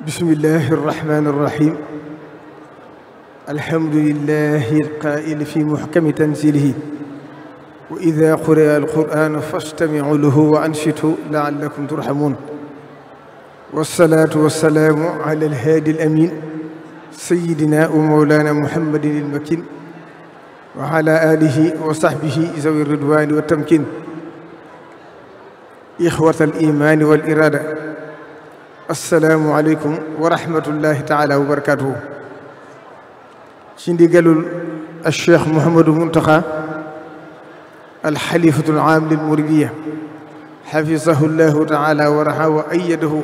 bismillahi irrahmani irrahim alhamdulilahi alqaili fi muhkami tanzilihi wa ida quri'a alquran fastami'u lahu wa ansitu la'allakum turhamun wassalatu wassalaamu ala alhaadi alamin sayidina wa mawlana muhammadin almakin wa ala alihi wa sahbihi zawi ridwani wa tamkin ixwata alimaani wal irada asalaamualeykum wa rahmatullahi taala wa barakaatuhu ci ndigalul al cheikh Mouhamadou Mountakha alxalifatu alaam lil muridiya xafisahu llahu taala wa raxa wa ayadahu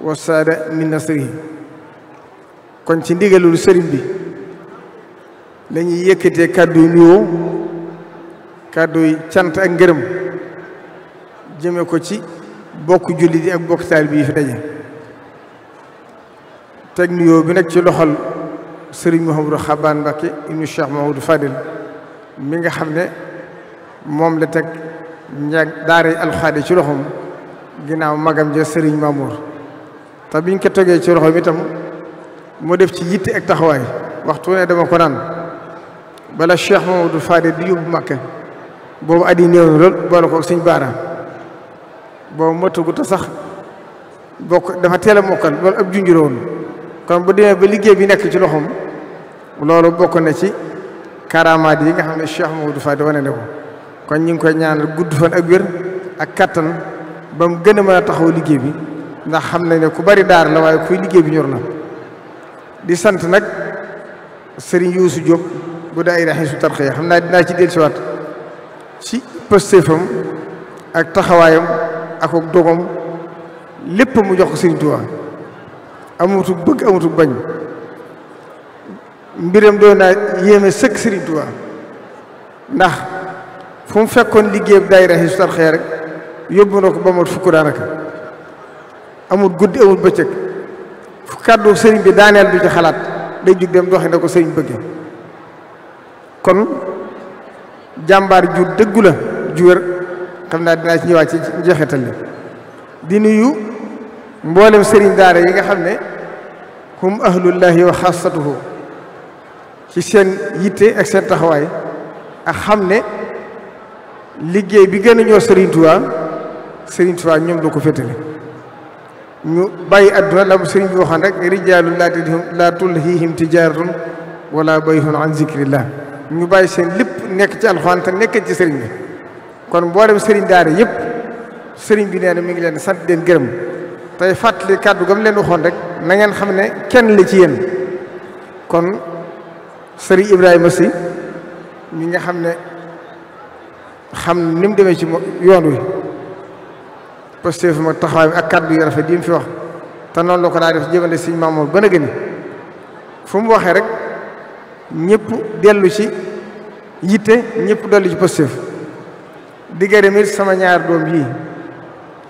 wa saada min nasrihi kon ci ndigalul sëriñ bi la ñuy yëkkatee kàddu yu nuyoo kàddu yi ak ngërëm ko ci bokk jullit yi ak bokk taalibe yi fi daje teg nuyoo bi nag ci loxol sëriñ Mouhamadou Xabaan Mbakke ibnu Cheikh Mahamadou Fadil mi nga xam ne moom la teg njàng daara alxaadi ci loxoom ginnaaw magam ja sëriñ Mamour te biñ ko tegee ci loxoom itam moo def ci yitte ak taxawaay waxtu ne dama ko naan bala Cheikh Mahamadou Fadil di yóbbu Mbakke boobu at yi néew lool boole ko ak suñ baaraam boobu matugu te sax bokk dafa teel a mokkal loolu ab junjur woon kon bu demee ba liggéey bi nekk ci loxoom loolu bokk na ci karaamaat yi nga xam ne Cheikh Mamadou Fadi wane ne ko kon ñu ngi koy ñaanal gudd fan ak wér ak kattan ba mu gën a mën a taxaw liggéey bi ndax xam na ne ku bari daar la waaye kuy liggéey bi ñor na di sant nag Serigne Youssou Diop bu daayira Hizbut xam naa dinaa ci dellusiwaat ci pëstéefam ak taxawaayam ak ak lépp mu jox ko Sëriñ Tuubaa amatu bëgg amatu bañ mbiram doon yéeme sëkk Sëriñ Tuubaa ndax fu mu fekkoon liggéeyam daayira Hizbut Tarqiyyah rek yóbbu na ko ba mat fukk daanaka amul guddi amul bëccëg fu kàddu sëriñ bi daaneel du ci xalaat day jug dem doxi na ko sëriñ bëgge kon jàmbaar ju dëggu la xam naa dinaa ci ñëwaat ci jeexital li di nuyu mboolem sëriñ daare yi nga xam ne hum ahlullahi wa xaasatuhu ci seen yitte ak seen taxawaay a xam ne liggéey bi gën a ñoo sëriñ Tuubaa sëriñ Tuubaa ñoom la ko féetale ñu bàyyi adduna la mu sëriñ bi waxoon rek rijaalun laa tulhiihim tijaaratun wala bayhun an zikrillah ñu bàyyi seen lépp nekk ci alxuraan te nekk ci sëriñ bi kon mboolem sëriñ daara yëpp sëriñ bi nee na mi ngi leen sant leen gërëm tey fàttali kàddu gam leen waxoon rek na ngeen xam ne kenn la ci yéen kon sëriñ Ibrahima si mi nga xam ne xam ni mu demee ci yoon wi posté fu ma taxawaay bi ak kàddu yu rafet yi mu fi wax te noonu la ko daa def jëmale sëriñ Maamoor gën a gën fu mu waxee rek ñépp dellu ci yitte ñëpp dellu ci posté di gërëm sama ñaar doom yii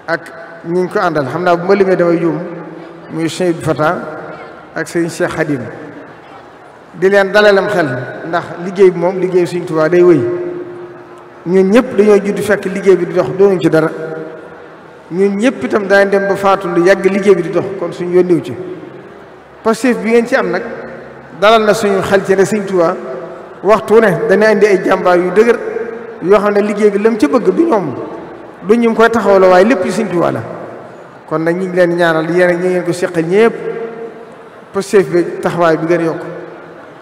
ak ñu ñu ko àndal xam naa bu ma limee damay juum muy Cheikh Ibou Fata ak sëñ Cheikh Khadim di leen dalalam xel ndax liggéey bi moom liggéey Sëriñ Tuubaa day woy ñun ñëpp dañoo judd fekk liggéey bi di dox doonuñ ci dara ñun ñëpp itam daañu dem ba faatul lu yàgg liggéey bi di dox kon suñu yónniw ci passif bi ngeen ci am nag dalal na suñu xel ci ne Sëriñ Tuubaa waxtu ne dana indi ay jàmbaar yu dëgër. yoo xam ne liggéey bi lam ci bëgg du ñoom du ñu koy la waaye lépp ci Sëñ Tuubaa kon nag ñu ngi leen ñaanal yéen ñu ngeen ko seqal ñëpp posteef bi taxawaay bi ngeen yokk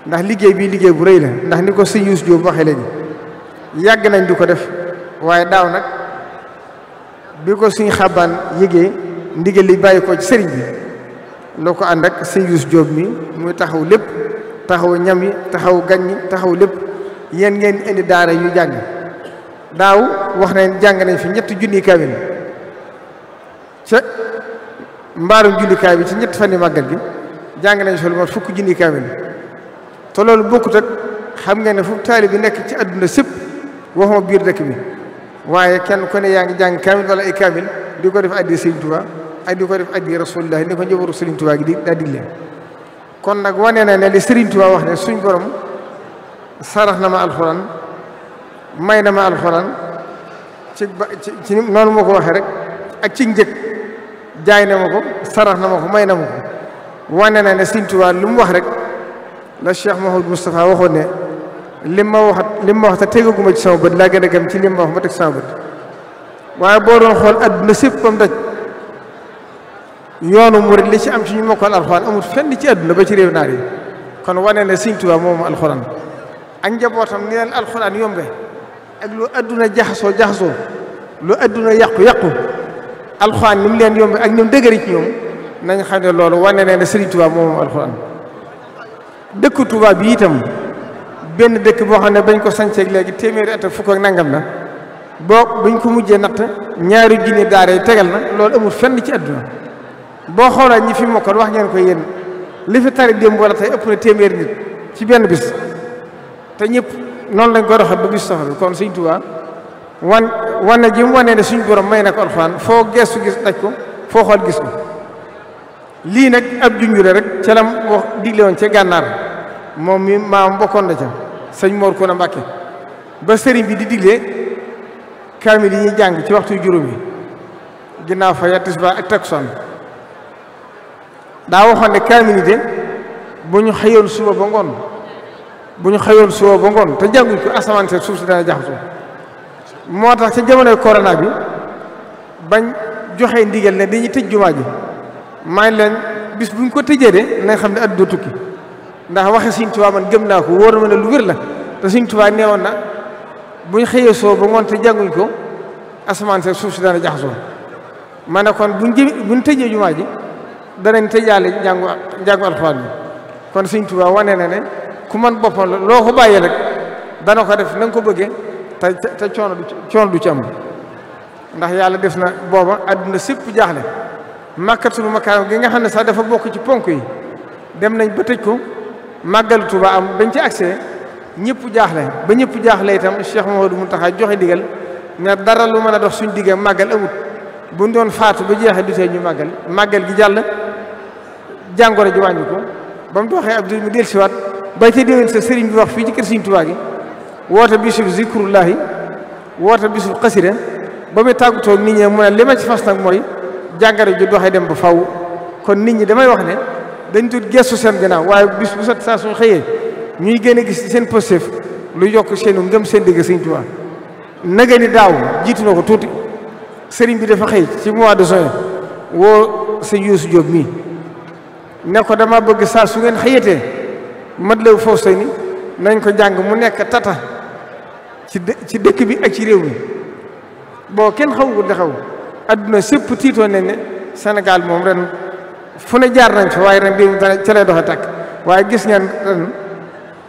ndax liggéey bi liggéey bu rëy la ndax ni ko sëñ Youssou Diop waxee léegi yàgg nañ du ko def waaye daaw nag bi ko suñu xabaan yëgee ndigal li bàyyi koo ci sëriñ bi loo ko ànd ak sëñ Youssou Diop mi muy taxaw lépp taxaw ñam yi taxaw gañ yi taxaw lépp yéen ngeen indi daara yu jàng daaw wax nañ jàng nañ fi ñetti junni kaamil ca mbaarum jullikaay bi ci ñett fan yu màggal gi jàng nañ fi lu mat fukk junni kaamil te loolu bokkut xam nga ne fu taali bi nekk ci àdduna sëpp waxuma biir dëkk bi waaye kenn ku ne yaa ngi jàng kaamil wala ay kaamil di ko def addi Sëriñ Tuubaa ak di ko def addi Rasulullah ni ko njëbaru Sëriñ Tuubaa di daa kon nag wane na ne li Sëriñ Tuubaa wax ne suñ borom sarax na ma alxuraan may na ma alxuraan ci ba ci noonu ma ko waxee rek ak ci njëg jaay na ma ko sarax na mooko may na ma ko wane na ne Sëriñ lu mu wax rek la Cheikh Mouhamadou Moustapha waxoon ne li ma wax li ma wax te tegaguma ci sama bët laa gën a ci li ma wax ma teg sama bët waaye boo doon xool adduna sépp am daj yoonu murid li ci am ci ñu mokkal alxuraan amul fenn ci adduna ba ci réew naar yi kon wane na Sëriñ Tuubaa moomu alxuraan ak njabootam ni leen alxuraan yombe ak lu adduna jaxasoo jaxasoo lu adduna yàqu-yàqu alxuraan ni mu leen yomb ak ñoom dëgëri ci ñoom nañ xam ne loolu wane ne ne Sëriñ Tuubaa moom alxuraan dëkku Tuubaa bi itam benn dëkk boo xam ne bañ ko sanceeg léegi téeméeri at ak nangam la boo buñ ko mujjee natt ñaari junni daara tegal na loolu amul fenn ci adduna boo xoolaat ñi fi mokkoon wax ngeen ko yéen li fi tari démb wala tey ëpp na téeméeri nit ci benn bis te ñëpp noonu lañ ko doxee ba gis soxla kon Sëñ Tuubaa wan wane ji mu wane ne suñ borom may na ko foo geestu gis daj ko foo xool gis ko lii nag ab junjure rek ca lam wax digle woon ca gànnaar moom mi maam bokkoon na ca sëñ Mor Kuna Mbàkke ba sëriñ bi di digle kaamil yi ñuy jàng ci waxtu juróom yi ginnaaw fa ya tisba ak takkusaan daa waxoon ne kaamil yi de bu ñu xëyoon suba ba ngoon bu ñu xëyoon suba ngoon te jànguñ ko asamaan si suuf si dana jaxasoo moo tax ca jamonoy corona bi bañ joxe ndigal ne dañuy tëj jumaa ji maa ngi leen bis buñ ko tëjee de xam ne at doo ndax waxe Sëñ Tuubaa man gëm naa ko wóor ne lu la te Sëñ na buñ xëyee suba ba ngoon te jànguñ ko asamaan si suuf si dana jaxasoo ma ne kon buñ jë buñ tëjee jumaa ji danañ tëjaale njàngu njàngu alxuraan kon Sëñ Tuubaa wane na ne. ku man boppam loo ko bàyyee rek dana ko def na ko bëggee te te coono du coono du ci ndax yàlla def na booba àdduna sépp jaaxle màkkatul makaram gi nga xam ne sax dafa bokk ci ponk yi dem nañ ba tëj ko màggal Tuuba am bañ ci accès ñëpp jaaxle ba ñëpp jaaxle itam Cheikh tax Mountakha joxe digal ne dara lu mën a dox suñ digga màggal amut buñ doon faatu ba jeexee du tee ñu màggal màggal gi jàll jàngoro ji wàññi ba mu doxee ab diir mu dellusiwaat ba ca déwén sa sëriñ bi wax fii ci kër Sëriñ Tuubaa gi woote bisub zikrullahi woote bisub xasida ba muy tàggatoo nit ñi mu ne li ma ci fas nag mooy jàngare ju doxee dem ba faw kon nit ñi damay wax ne dañ tut gestu seen gannaaw waaye bis bu set saa suñ xëyee ñuy gën a si seen positif lu yokk seenu ngëm seen digg Sëriñ Tuubaa naga ni daaw jiitu na ko tuuti sëriñ bi dafa xëy ci mois de juin woo sëñ Youssou Diop mii ne ko dama bëgg saa su ngeen xëyatee mat Matlaboul Fawzayni nañ ko jàng mu nekk tata ci ci dëkk bi ak ci réew mi boo kenn xamul li xew adduna sépp tiitoo ne ne Sénégal moom ren fu ne jaar nañ fa waaye ren bii dana ca lay doxe takk waaye gis ngeen ren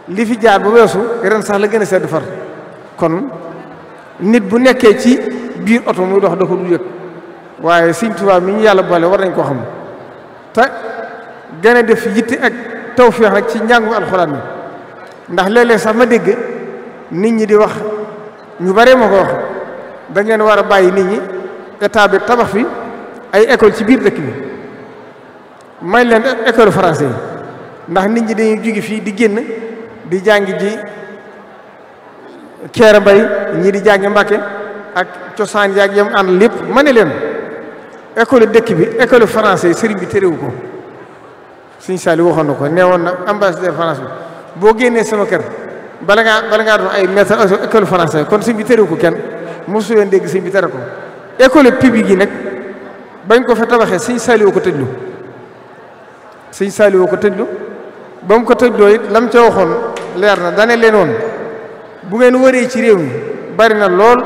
li fi jaar bu weesu ren sax la gën a sedd far kon nit bu nekkee ci biir oto muy dox da ko du yëg waaye Sëñ Tuubaa mi ñu yàlla boole war nañ koo xam te gën a def yitte ak tawféex nag ci njàngu alxuraan bi ndax léeg-léeg sax ma dégg nit ñi di wax ñu bare ma ko wax da ngeen war a bàyyi nit ñi état bi tabax fi ay école ci biir dëkk bi may leen ecole français ndax nit ñi dañuy jóge fii di génn di jàngi ji keer mbay ñii di jàngi mbàkke ak cosaan yaag yam ànd lépp ma leen école dëkk bi ecole français sëriñ bi téréwu ko suñ saali waxoon na ko nee woon na ambassadeur France bi boo génnee sama kër bala ngaa bala ngaa doon ay maître école français kon suñ bi tere ko kenn mosu leen dégg suñ bi tere ko école publique yi nag bañ ko fa tabaxee siñ saali woo ko tëjlu suñ saali woo ko tëjlu ba mu ko tëjloo it lam ca waxoon leer na dane leen woon bu ngeen waree ci réew yi bari na lool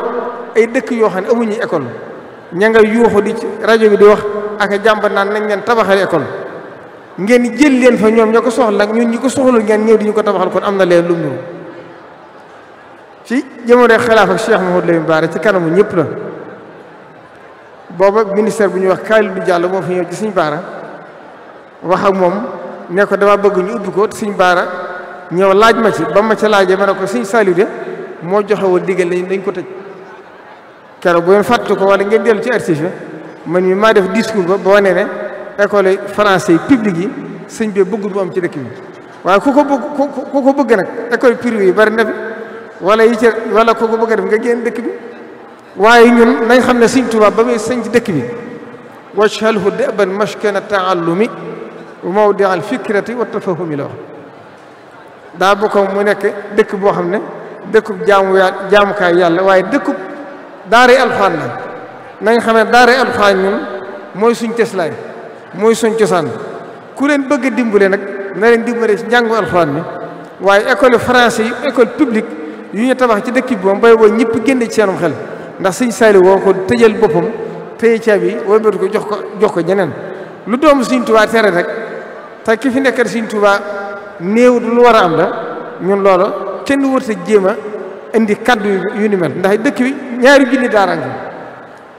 ay dëkk yoo xam ne amuñu école ña nga yuuxu di ci rajo gi di wax ak jàmba naan nañ leen tabaxal école ngeen jël leen fa ñoom ñoo ko soxla ak ñun ko soxla ngeen ñëw di ñu ko tabaxal kon am na leen lu mu ci jamono xilaaf ak Cheikh Mouhamadou Lamine Bara ci kanamu ñëpp la booba ministère bu ñuy wax Kalidou Diallo moo fa ñëw ci suñu baara wax ak moom ne ko dama bëgg ñu ubbi ko suñu baara ñëw laaj ma ci ba ma ca laajee ma ne ko siñ Saliou de moo joxe woo digal nañ dañ ko tëj keroog bu ngeen fàttu ko wala ngeen dellu ci archive ma ñu maa def discours ba ba wane ne école français publique yi sëñ bi bëggul am ci dëkk bi waaye ku ko bëgg ku nag école privée yi bari na fi wala yi ca wala ku ko bëgg def nga génn dëkk bi waaye ñun nañ xam ne sëñ Tuubaa ba muy sëñ dëkk bi wajhalhu deban mashkana taallumi wa mawdi al fikrati wa tafahumi la wax daa bokkoon mu nekk dëkk boo xam ne dëkkub jaamu jaamukaay yàlla waaye dëkkub daara alxuraan la nañ xam ne daara alxuraan ñun mooy suñ teslaay mooy suñ cosaan ku leen bëgg a nag na leen dimbale ci njàngu alxuraan mi waaye école français yu école publique yu ñu tabax ci dëkk bi moom bay boo ñëpp génne ci seenum xel ndax sëñ Saali woo ko tëjal boppam téye caabi bi wëlbati ko jox ko jox ko ñeneen lu doomu sëñ Tuubaa tere rek te ki fi nekkal sëñ Tuubaa néew lu war a am da ñun loola kenn wërta jéem a indi kaddu yu ni mel ndax dëkk bi ñaari junni daara ngi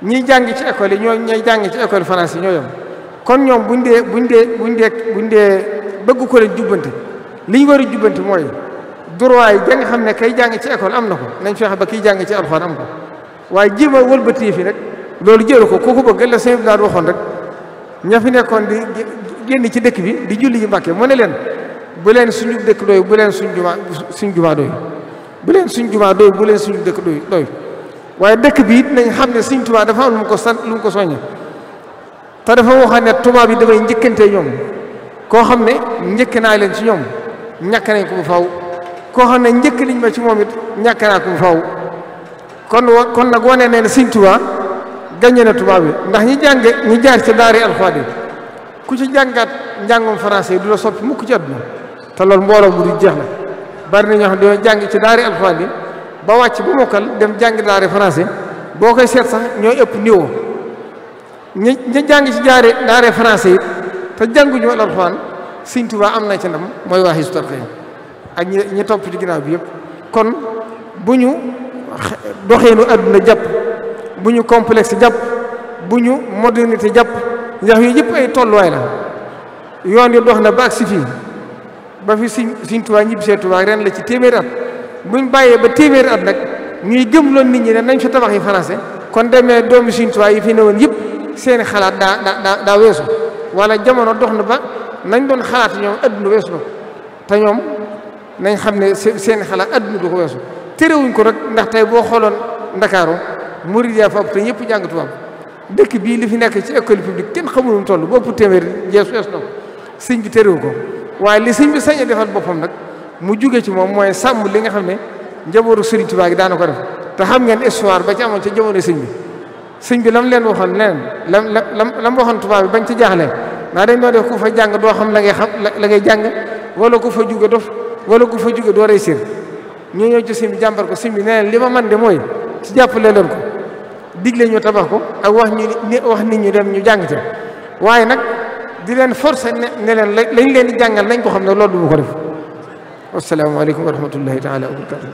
ñiy jàng ci école yi ñoo ñay jàng ci école français ñoo yem kon ñoom buñ dee buñ dee buñ dee buñ dee bëgg ko leen jubbanti li ñu war a jubbante mooy droit da nga xam ne kay jàng ci école am na ko nañ fexe ba kiy jàng ci alxuraan am ko waaye jéem a wëlbati fi rek loolu jëru ko kooku bëgg la sëñ bi daal waxoon rek ña fi nekkoon di génn ci dëkk bi di julli ji Mbàkke mu ne leen bu leen suñu dëkk doy bu leen suñ jumaa suñ jumaa doy bu leen suñ jumaa doy bu leen suñu dëkk doy doy waaye dëkk bi it nañ xam ne Sëñ Tuubaa dafa am lu ko sant lu mu ko soññe te dafa waxoon ne tubaab yi damay njëkkante ñoom koo xam ne njëkk naa leen ci ñoom ñàkk nañ faw koo xam ne njëkk liñ ma ci moom it ñàkk bu faw kon kon nag wane ne Sëñ Tuubaa gañe na tubaab yi ndax ñi jàng ñi jaar ci daari alxuraan ku ci jàngaat njàngum français du la soppi mukk ci àdduna te loolu mbooloo bu du jeex la bari na ñoo xam dañoo jàng ci daari alxuraan yi ba wàcc ba mokkal dem jàng daari français boo koy seet sax ñooy ëpp niveau ña ña jàng ci jaare daare français yi te jànguñu wala alxuraan Sëñ Tuubaa am na ci ndam mooy waa Hizbut Tarqiyyah ak ñi topp ci ginnaaw bi yëpp kon bu ñu doxeenu àdduna jàpp bu ñu complexe jàpp bu ñu modernité jàpp ndax yooyu yëpp ay tolluwaay la yoon yi dox na ba ak si fii ba fi Sëñ Sëñ Tuubaa ñibbi see Tuubaa ren la ci téeméeri at bu ñu bàyyee ba téeméeri at nag ñuy gëm loon nit ñi ne nañ fa tabax yi français kon demee doomu Sëñ Tuubaa yi fi woon yëpp seeni xalaat daa daa daa weesu wala jamono dox na ba nañ doon xalaat ñoom adduna weesu na te ñoom nañ xam ne seeni xalaat adduna du ko weesu terewuñ ko rek ndax tey boo xooloon ndakaaru murid yaa fa ñëpp jàng dëkk bii li nekk ci école publique kenn xamul mu toll bopp téeméer jeesu weesu na ko sëñ bi terewu ko waaye li sëñ sañ a boppam nag mu jóge ci moom mooy sàmm li nga xam ne njabootu Sëriñ Tuubaa gi daana ko def te xam ngeen histoire ba ci amoon ca jamono sëñ bi sëñ bi lam leen waxoon leen lam lam lam waxoon tubaab bi bañ ci jaaxle naa dañ doo def ku fa jàng doo xam la ngay xam la ngay jàng wala ku fa juge dof wala ku fa juge doo réussir ñu ñëw ci sëñ bi jàmbar ko sëñ bi nee li ma man de mooy ci jàppale leen ko digle ñu tabax ko ak wax ñu wax nit ñu dem ñu jàng ci waaye nag di leen forcer ne ne leen lañ leen di jàngal nañ ko xam ne loolu du ko def wasalaamaaleykum wa rahmatullahi taala wa barakatu